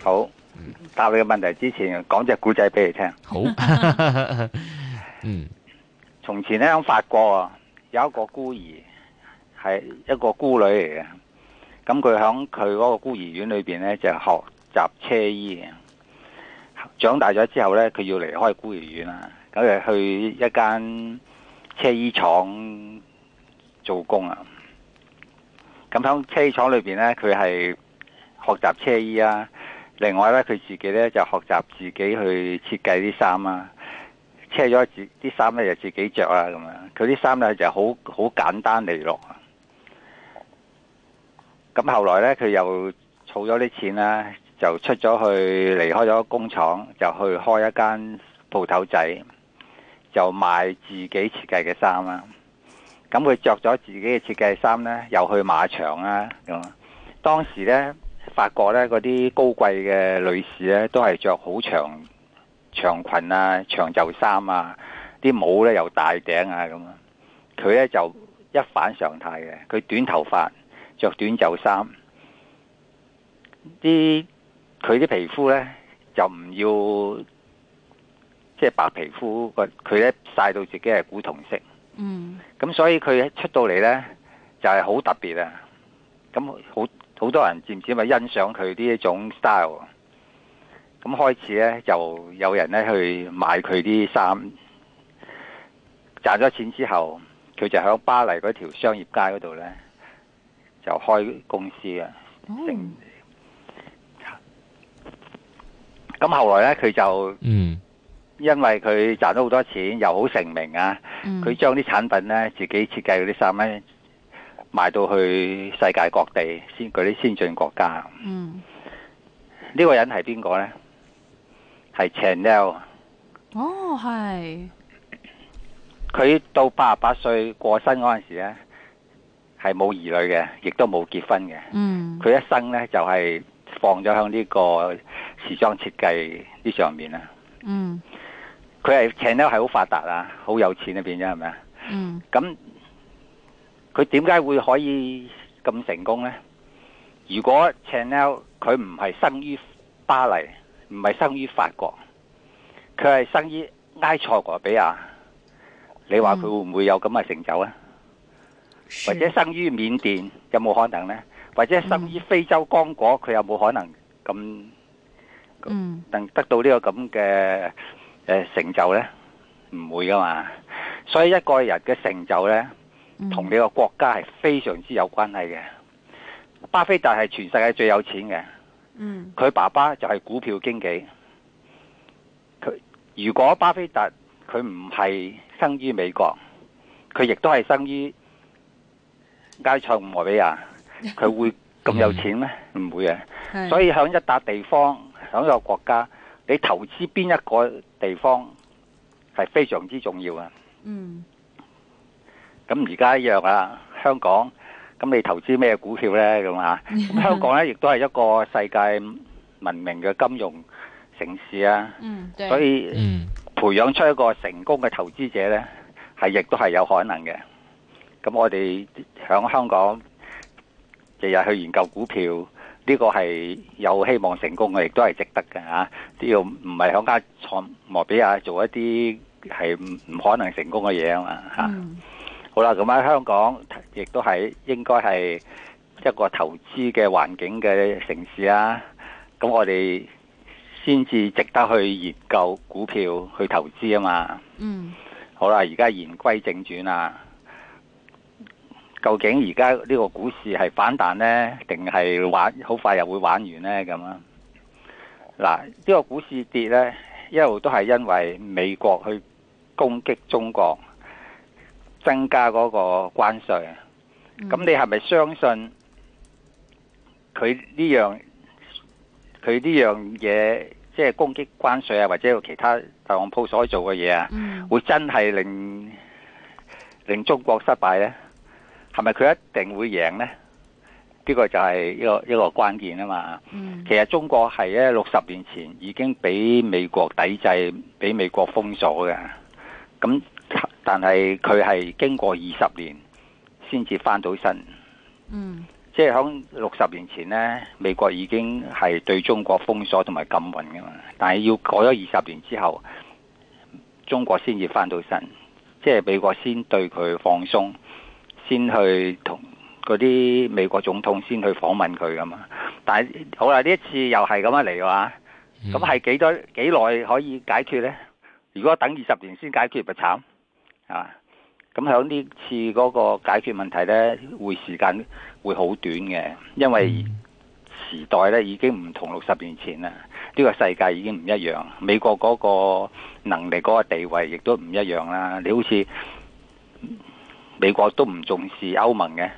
好，答你嘅問題之前，講隻故仔俾你聽。好， 嗯，從前咧，喺法國有一個孤兒，係一個孤女嚟嘅。咁佢響佢嗰個孤兒院裏邊呢，就是，學習車衣。長大咗之後呢，佢要離開孤兒院啦，咁就去一間車衣廠做工啊。咁響車衣廠裏邊呢，佢係學習車衣啊。另外呢，佢自己呢就學習自己去設計啲衫啦。車咗自啲衫呢，就自己著啦咁樣。佢啲衫呢就好好簡單利落。咁後來呢，佢又儲咗啲錢啦，就出咗去離開咗工廠，就去開一間鋪頭仔，就賣自己設計嘅衫啦。咁佢著咗自己嘅設計衫呢，又去馬場啦。咁，當時呢，發覺咧，嗰啲高貴嘅女士咧，都係着好長長裙啊、長袖衫啊，啲帽咧又大頂啊咁。佢咧就一反常態嘅，佢短頭髮，着短袖衫，啲佢啲皮膚咧就唔要，即係白皮膚個佢咧曬到自己係古銅色。嗯，咁所以佢一出到嚟咧就係好特別啊！咁好。好多人知唔知咪欣賞佢呢一種 style？咁開始呢，就有人呢去買佢啲衫，賺咗錢之後，佢就喺巴黎嗰條商業街嗰度呢，就開公司咁、oh. 後來呢，佢就嗯，因為佢賺咗好多錢，mm. 又好成名啊，佢將啲產品呢，自己設計嗰啲衫呢。賣到去世界各地，先嗰啲先進國家。嗯，呢、呢個人係邊個呢？係 Chanel。哦，係。佢到八十八歲過身嗰陣時咧，係冇兒女嘅，亦都冇結婚嘅。嗯。佢一生呢，就係、係、放咗喺呢個時裝設計呢上面啦。嗯。佢係 Chanel 係好發達啊，好有錢啊，變咗係咪啊？嗯。咁。佢點解會可以咁成功呢？如果 Chanel 佢唔係生於巴黎，唔係生於法國，佢係生於埃塞俄比亞，你話佢會唔會有咁嘅成就呢？或者生於緬甸有冇可能呢？或者生於非洲剛果，佢、嗯、有冇可能咁能得到呢個咁嘅成就呢？唔、嗯、會噶嘛。所以一個人嘅成就呢。同你個國家係非常之有關係嘅。巴菲特係全世界最有錢嘅。嗯。佢爸爸就係股票經紀。佢如果巴菲特佢唔係生於美國，佢亦都係生於埃塞俄比亞，佢會咁有錢咩？唔 會啊。所以響一笪地方，響一個國家，你投資邊一個地方係非常之重要啊。 嗯，嗯。咁而家一樣啊，香港咁你投資咩股票呢？咁啊？咁香港呢，亦都係一個世界聞名嘅金融城市啊， 所以培養出一個成功嘅投資者呢，係亦都係有可能嘅。咁我哋喺香港日日去研究股票，呢個係有希望成功嘅，亦都係值得嘅嚇。只要唔係響家創莫比亞做一啲係唔可能成功嘅嘢啊嘛嚇。 好啦，咁喺香港亦都係應該係一個投資嘅環境嘅城市啊，咁我哋先至值得去研究股票去投資啊嘛。嗯。好啦，而家言歸正傳啊，究竟而家呢個股市係反彈呢？定係玩好快又會玩完呢？咁啊？嗱，呢個股市跌呢，一路都係因為美國去攻擊中國。增加嗰個關稅啊！咁、嗯、你係咪相信佢呢樣佢呢樣嘢，即係、就是、攻擊關稅啊，或者其他特朗普所做嘅嘢啊、嗯，會真係令令中國失敗咧？係咪佢一定會贏咧？呢、呢個就係一個一、呢個關鍵啊嘛、嗯！其實中國係咧六十年前已經俾美國抵制，俾美國封鎖嘅咁。但係佢係經過二十年先至翻到身，嗯，即係響六十年前呢，美國已經係對中國封鎖同埋禁運噶嘛。但係要過咗二十年之後，中國先至翻到身，即係美國先對佢放鬆，先去同嗰啲美國總統先去訪問佢噶嘛。但係好啦，呢一次又係咁樣嚟嘅話，咁係幾多幾耐可以解決呢？如果等二十年先解決，咪慘。啊！咁喺呢次嗰個解決問題呢，會時間會好短嘅，因為時代呢已經唔同六十年前啦。呢個世界已經唔一樣，美國嗰個能力嗰個地位亦都唔一樣啦。你好似美國都唔重視歐盟嘅，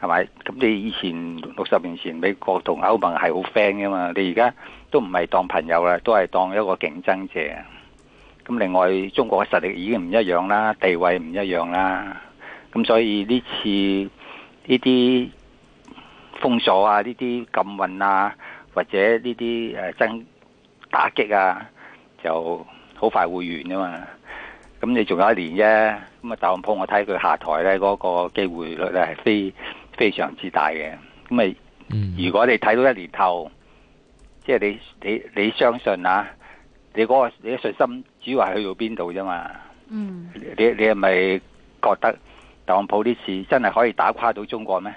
係咪？咁你以前六十年前美國同歐盟係好 friend 㗎嘛？你而家都唔係當朋友啦，都係當一個競爭者。咁另外，中國嘅實力已經唔一樣啦，地位唔一樣啦。咁所以呢次呢啲封鎖啊，呢啲禁運啊，或者呢啲誒爭打擊啊，就好快會完噶嘛。咁你仲有一年啫。咁啊，特朗普我睇佢下台咧，嗰個機會率咧係非非常之大嘅。咁啊，如果你睇到一年頭，即係你你你相信啊？你嗰、嗰個你啲信心，主要係去到邊度啫嘛？嗯，你你係咪覺得特朗普呢次真係可以打垮到中國咩？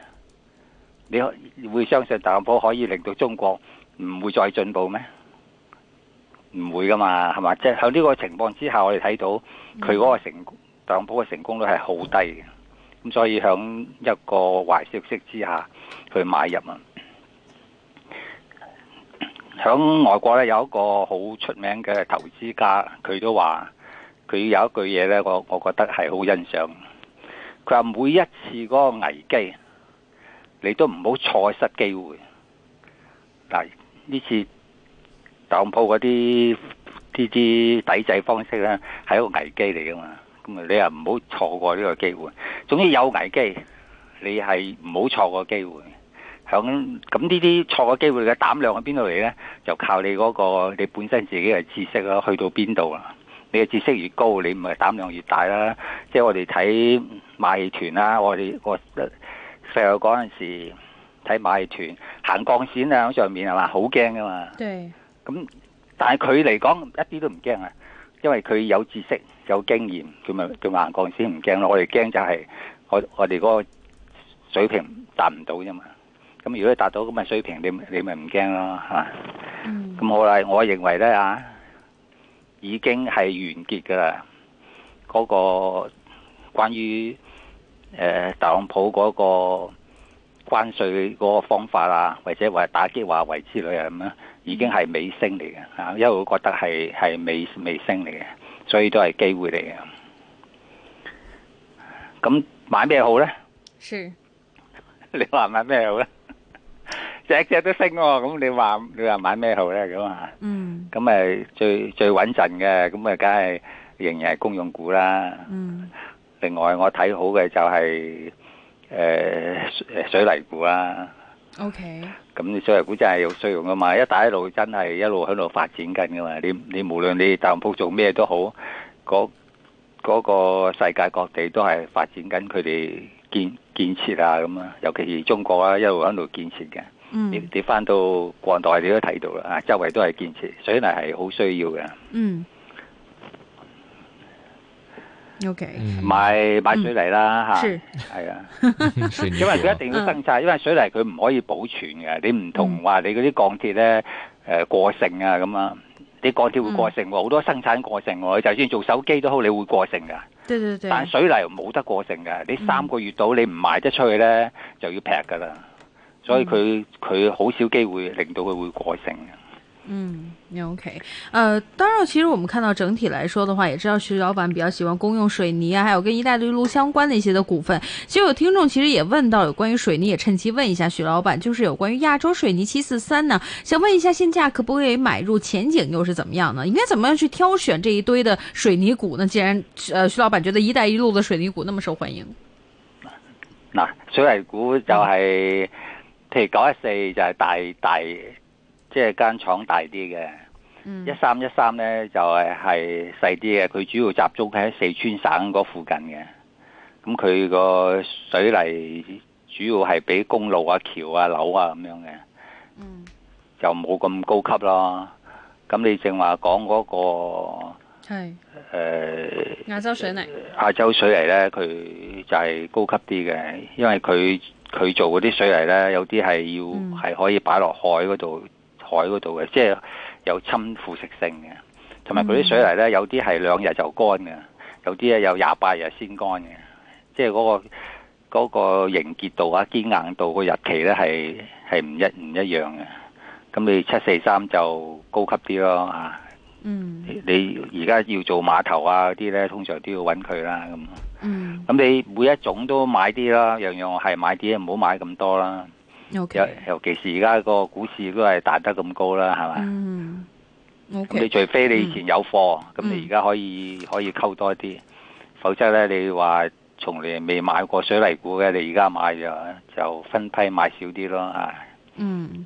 你會相信特朗普可以令到中國唔會再進步咩？唔會噶嘛，係嘛？即係響呢個情況之下，我哋睇到佢嗰個成、嗯、特朗普嘅成功率係好低嘅。咁所以響一個壞消息之下去買入啊！響外國咧有一個好出名嘅投資家，佢都話佢有一句嘢咧，我我覺得係好欣賞。佢話每一次嗰個危機，你都唔好錯失機會。但係呢次特朗普嗰啲啲啲抵制方式咧，係一個危機嚟噶嘛。咁啊，你又唔好錯過呢個機會。總之有危機，你係唔好錯過機會。咁咁呢啲錯嘅機會嘅膽量喺邊度嚟咧？就靠你嗰個你本身自己嘅知識去到邊度？你嘅知識越高，你唔係膽量越大啦。即係我哋睇馬戲團啦，我哋我細個嗰陣時睇馬戲團行鋼線啊，喺上面係嘛，好驚噶嘛。對咁，但係佢嚟講一啲都唔驚啊，因為佢有知識有經驗，佢咪佢行鋼線唔驚咯。我哋驚就係我我哋嗰個水平達唔到啫嘛。咁如果達到咁嘅水平，你你咪唔驚咯，咁好啦，我認為咧啊，已經係完結噶啦。嗰個關於誒特朗普嗰個關稅嗰個方法啊，或者話打擊華為之類啊，咁已經係尾聲嚟嘅，吓，因為我覺得係係尾尾聲嚟嘅，所以都係機會嚟嘅。咁買咩好咧？是，你話買咩好咧？只只都升喎，咁你話你話買咩好咧咁啊？嗯，咁誒最最穩陣嘅，咁誒梗係仍然係公用股啦。嗯，另外我睇好嘅就係誒誒水泥股啦。O K。咁你水泥股真係有需求噶嘛，一帶一路真係一路喺度發展緊噶嘛。你你無論你特朗普做咩都好，嗰嗰個世界各地都係發展緊，佢哋建建設啊咁啊，尤其是中國啊一路喺度建設嘅。你跌翻到國內你都睇到啦，周圍都係建設，水泥係好需要嘅。嗯。O K。買買水泥啦，嚇、嗯，係啊。啊 因為佢一定要生產，因為水泥佢唔可以保存嘅。你唔同話你嗰啲鋼鐵咧，誒、呃、過剩啊咁啊，啲鋼鐵會過剩喎，好、嗯、多生產過剩喎。就算做手機都好，你會過剩嘅。但係水泥冇得過剩嘅，你三個月到你唔賣得出去咧，就要劈㗎啦。所以佢佢好少機會令到佢會改性嘅。嗯，OK，呃當然，其實我們看到整體來說的話，也知道徐老闆比較喜歡公用水泥啊，還有跟一帶一路相關的一些的股份。其實有聽眾其實也問到有關於水泥，也趁機問一下徐老闆，就是有關於亞洲水泥七四三呢，想問一下現價可不可以買入，前景又是怎麼樣呢？應該怎麼樣去挑選這一堆的水泥股呢？既然，呃徐老闆覺得一帶一路的水泥股那麼受歡迎，那水泥股就係、是。嗯譬如九一四就係大大，即係、就是、間廠大啲嘅。嗯就是、一三一三咧就係係細啲嘅，佢主要集中喺四川省嗰附近嘅。咁佢個水泥主要係俾公路啊、橋啊、樓啊咁樣嘅、嗯，就冇咁高級咯。咁你正話講嗰個係誒、呃、亞洲水泥亞洲水泥咧，佢就係高級啲嘅，因為佢。佢做嗰啲水泥呢，有啲係要係可以擺落海嗰度海嗰度嘅，即係有侵腐蝕性嘅。同埋佢啲水泥呢，有啲係兩日就乾嘅，有啲咧有廿八日先乾嘅。即係嗰個嗰個凝結度啊、堅硬度個日期呢，係係唔一唔一樣嘅。咁你七四三就高級啲咯。嗯，你而家要做碼頭啊嗰啲咧，通常都要揾佢啦咁。嗯，咁你每一種都買啲啦，樣樣係買啲，唔好買咁多啦。Okay, 尤其是而家個股市都係彈得咁高啦，係嘛？嗯 okay, 你除非你以前有貨，咁、嗯、你而家可以可以溝多啲、嗯，否則咧你話從嚟未買過水泥股嘅，你而家買就就分批買少啲咯啊。嗯。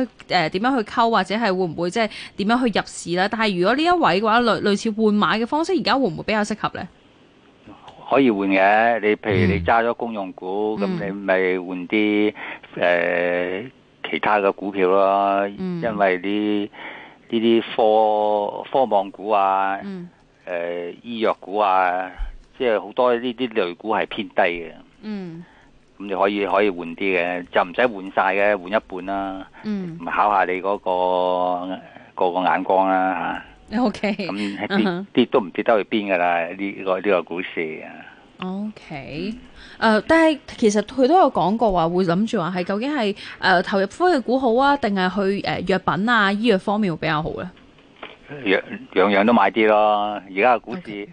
誒、呃，點樣去溝或者係會唔會即係點樣去入市咧？但係如果呢一位嘅話，類類似換馬嘅方式，而家會唔會比較適合呢？可以換嘅，你譬如你揸咗公用股，咁、嗯、你咪換啲誒其他嘅股票咯、嗯。因為啲呢啲科科網股啊，誒、嗯呃、醫藥股啊，即係好多呢啲類股係偏低嘅。嗯。咁、嗯、你可以可以換啲嘅，就唔使換晒嘅，換一半啦，唔、嗯、考下你嗰、那個個、那個眼光啦吓。O K，咁跌都唔跌得去邊噶啦，呢、這個呢、這個股市啊。O K，誒，uh, 但係其實佢都有講過話，會諗住話係究竟係誒、呃、投入科技股好啊，定係去誒藥、呃、品啊醫藥方面會比較好咧？樣樣都買啲咯，而家股市誒。Okay.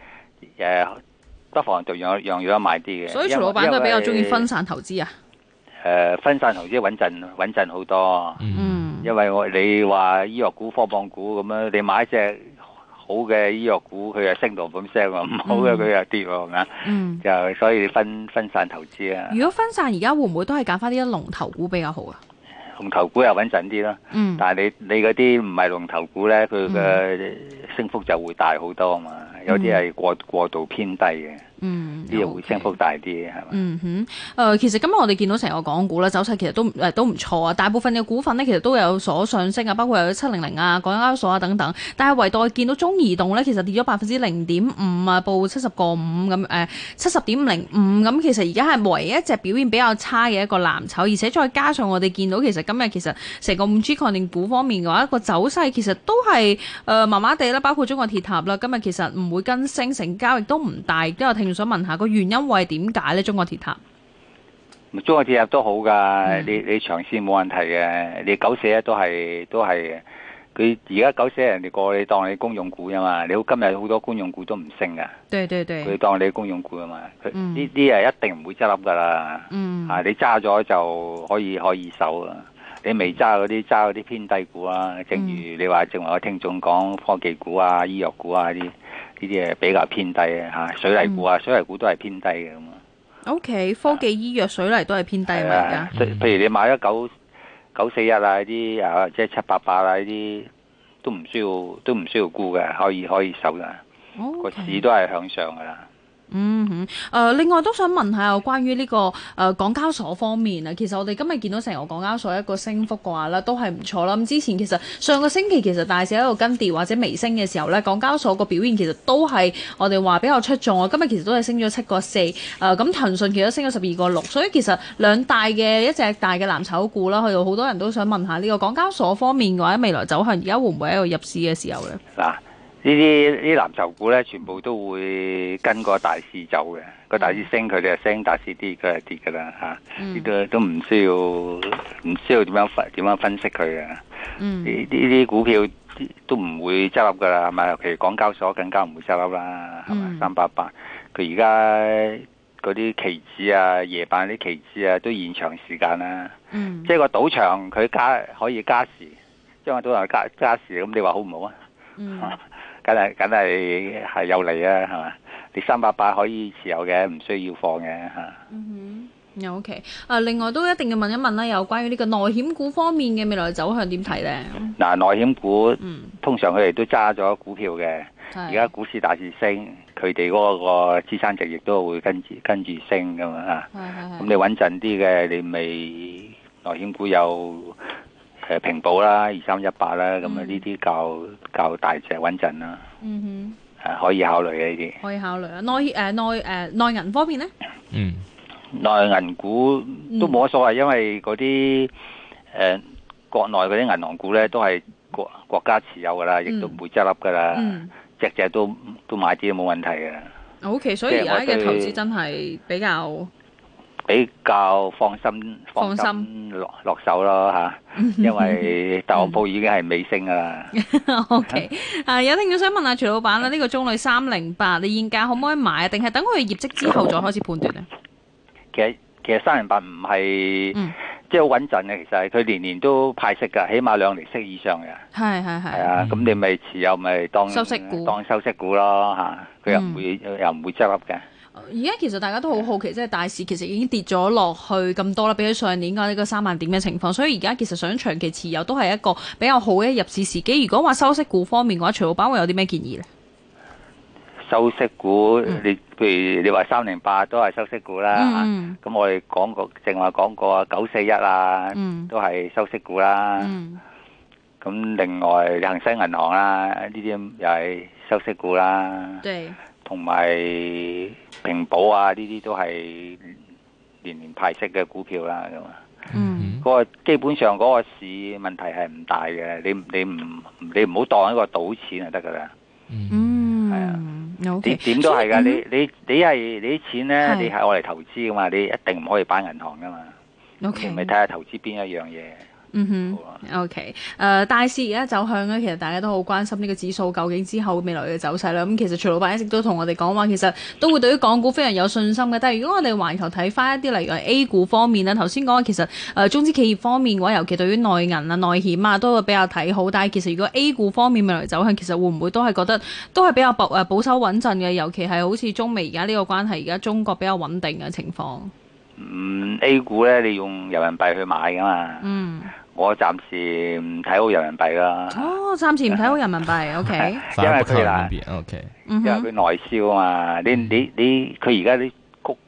呃不妨就樣樣樣買啲嘅。所以徐老闆都係比較中意分散投資啊。誒、呃，分散投資穩陣穩陣好多。嗯，因為我你話醫藥股、科網股咁樣，你買一隻好嘅醫藥股，佢又升到咁聲，唔好嘅佢又跌，咁樣。嗯，就所以分分散投資啊。如果分散而家會唔會都係揀翻啲一龍頭股比較好啊？龍頭股又穩陣啲囉，但係你你嗰啲唔係龍頭股呢，佢嘅升幅就會大好多嘛，有啲係過，過度偏低嘅。嗯，啲嘢回聲幅大啲，係嘛？嗯哼，誒、呃，其實今日我哋見到成個港股啦，走勢其實都誒都唔錯啊！大部分嘅股份呢，其實都有所上升啊，包括有七零零啊、港交所啊等等。但係唯獨係見到中移動呢，其實跌咗百分之零點五啊，報七十個五咁誒，七十點零五咁。其實而家係唯一隻表現比較差嘅一個藍籌，而且再加上我哋見到其實今日其實成個五 G 概念股方面嘅話，個走勢其實都係誒麻麻地啦，包括中國鐵塔啦。今日其實唔會跟升，成交亦都唔大，都有聽仲想問下個原因為點解咧？中國鐵塔，中國鐵塔都好噶，mm. 你你長線冇問題嘅，你九屎都係都係，佢而家九屎人哋過你當你公用股啊嘛，你好今日好多公用股都唔升噶，對對對，佢當你公用股啊嘛，呢啲啊一定唔會執笠噶啦，mm. 啊你揸咗就可以可以收啊，你未揸嗰啲揸嗰啲偏低股啊，mm. 正如你話，正如我聽眾講科技股啊、醫藥股啊啲。呢啲係比較偏低嘅吓，水泥股啊、嗯，水泥股都係偏低嘅咁啊。O、okay, K，科技醫藥水泥都係偏低咪、啊嗯、譬如你買咗九九四一啊，呢啲啊，即係七八八啊，呢啲都唔需要，都唔需要沽嘅，可以可以收噶，okay. 個市都係向上噶啦。嗯哼，誒、呃，另外都想問下關於呢、這個誒、呃、港交所方面啊，其實我哋今日見到成個港交所一個升幅嘅話咧，都係唔錯啦。咁、嗯、之前其實上個星期其實大市喺度跟跌或者微升嘅時候咧，港交所個表現其實都係我哋話比較出眾啊。今日其實都係升咗七個四，誒，咁騰訊其實都升咗十二個六，所以其實兩大嘅一隻大嘅藍籌股啦，去到好多人都想問下呢個港交所方面嘅話，未來走向而家會唔會喺度入市嘅時候咧？呢啲呢藍籌股咧，全部都會跟個大市走嘅。個、mm. 大市升，佢哋啊升；大市跌，佢、mm. 啊跌噶啦嚇。亦都都唔需要，唔需要點樣分點樣分析佢啊。呢、mm. 啲股票都唔會執笠噶啦，係咪？尤其港交所更加唔會執笠啦，係、mm. 咪？三八八佢而家嗰啲期指啊，夜盤啲期指啊都延長時間啦、啊。即、mm. 係個賭場佢加可以加時，即係個賭場加加時，咁你話好唔好啊？Mm. 梗係梗係係有利啊，係嘛？你三百八可以持有嘅，唔需要放嘅吓。嗯哼，又 OK。啊，另外都一定要問一問啦，有關於呢個內險股方面嘅未來嘅走向點睇咧？嗱，內險股，通常佢哋都揸咗股票嘅，而家股市大致升，佢哋嗰個資產值亦都會跟住跟住升噶嘛。咁你穩陣啲嘅，你未內險股有。誒，平保啦，二三一八啦，咁啊呢啲較較大隻穩陣啦。嗯哼，誒可以考慮嘅呢啲。可以考慮啊，內誒內誒內銀方面咧？嗯，內銀股都冇乜所謂，因為嗰啲誒國內嗰啲銀行股咧，都係國國家持有噶啦，亦都唔會執笠噶啦，只只都都買啲都冇問題噶啦。OK，所以而家嘅投資真係比較。比較放心放心落落手咯吓，因為大紅報已經係尾聲噶啦。O K，啊有聽眾想問阿徐老闆啦，呢個中旅三零八，你現價可唔可以買啊？定係等佢業績之後再開始判斷咧？其實其實三零八唔係即係好穩陣嘅，其實係佢年年都派息噶，起碼兩厘息以上嘅。係係係。係啊，咁你咪持有咪當收息股當收息股咯吓，佢又唔會又唔會執笠嘅。而家其實大家都好好奇，即係大市其實已經跌咗落去咁多啦，比起上年嗰啲個三萬點嘅情況，所以而家其實想長期持有都係一個比較好嘅入市時機。如果話收息股方面嘅話，徐老闆會有啲咩建議呢？收息股，你譬如你話三零八都係收息股啦，咁我哋講過，正話講過啊九四一啊，都係收息股啦。咁另外恒生銀行啦，呢啲又係收息股啦。對。同埋平保啊，呢啲都係年年派息嘅股票啦，咁啊，嗰個基本上嗰個市問題係唔大嘅，你你唔你唔好當一個賭錢就得噶啦。嗯、mm -hmm. 啊，係啊，O K，點都係噶，你你你係你啲錢咧，你係我嚟投資噶嘛，你一定唔可以擺銀行噶嘛，O K，咪睇下投資邊一樣嘢。嗯 o k 誒大市而家走向咧，其實大家都好關心呢個指數究竟之後未來嘅走勢啦。咁其實徐老闆一直都同我哋講話，其實都會對於港股非常有信心嘅。但係如果我哋環頭睇翻一啲例如 A 股方面啦，頭先講其實、呃、中資企業方面嘅話，尤其對於內銀啊、內險啊都會比較睇好。但係其實如果 A 股方面未來走向，其實會唔會都係覺得都係比較保保守穩陣嘅？尤其係好似中美而家呢個關係，而家中國比較穩定嘅情況。嗯，A 股咧，你用人民幣去買噶嘛？嗯，我暫時唔睇好人民幣啦。哦，暫時唔睇好人民幣，O K。因為佢啦，O K，因為佢內銷啊嘛。你你你，佢而家啲谷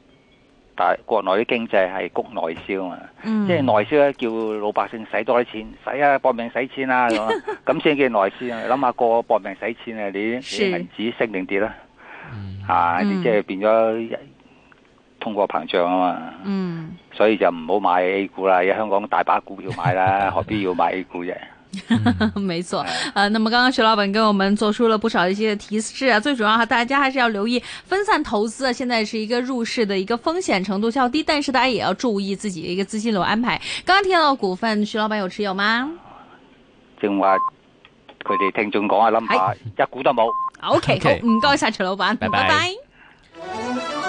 國內啲經濟係谷內銷啊嘛。嗯。即係內銷咧，叫老百姓使多啲錢，使啊搏命使錢啊咁。咁先叫內銷。諗下個搏命使錢啊，你銀紙升定跌啦？嗯。啊，即係變咗。通貨膨脹啊嘛，嗯，所以就唔好買 A 股啦，香港大把股票買啦， 何必要買 A 股啫？嗯、 沒錯，啊、uh,，那麼剛剛徐老闆跟我們做出了不少一些提示啊，最主要大家還是要留意分散投資啊，現在是一個入市的一個風險程度較低，但是大家也要注意自己的一個資金流安排。剛剛聽到股份，徐老闆有持有嗎？正話，佢哋聽眾講啊，諗、哎、法一股都冇。OK 好唔該晒徐老闆，拜拜。拜拜嗯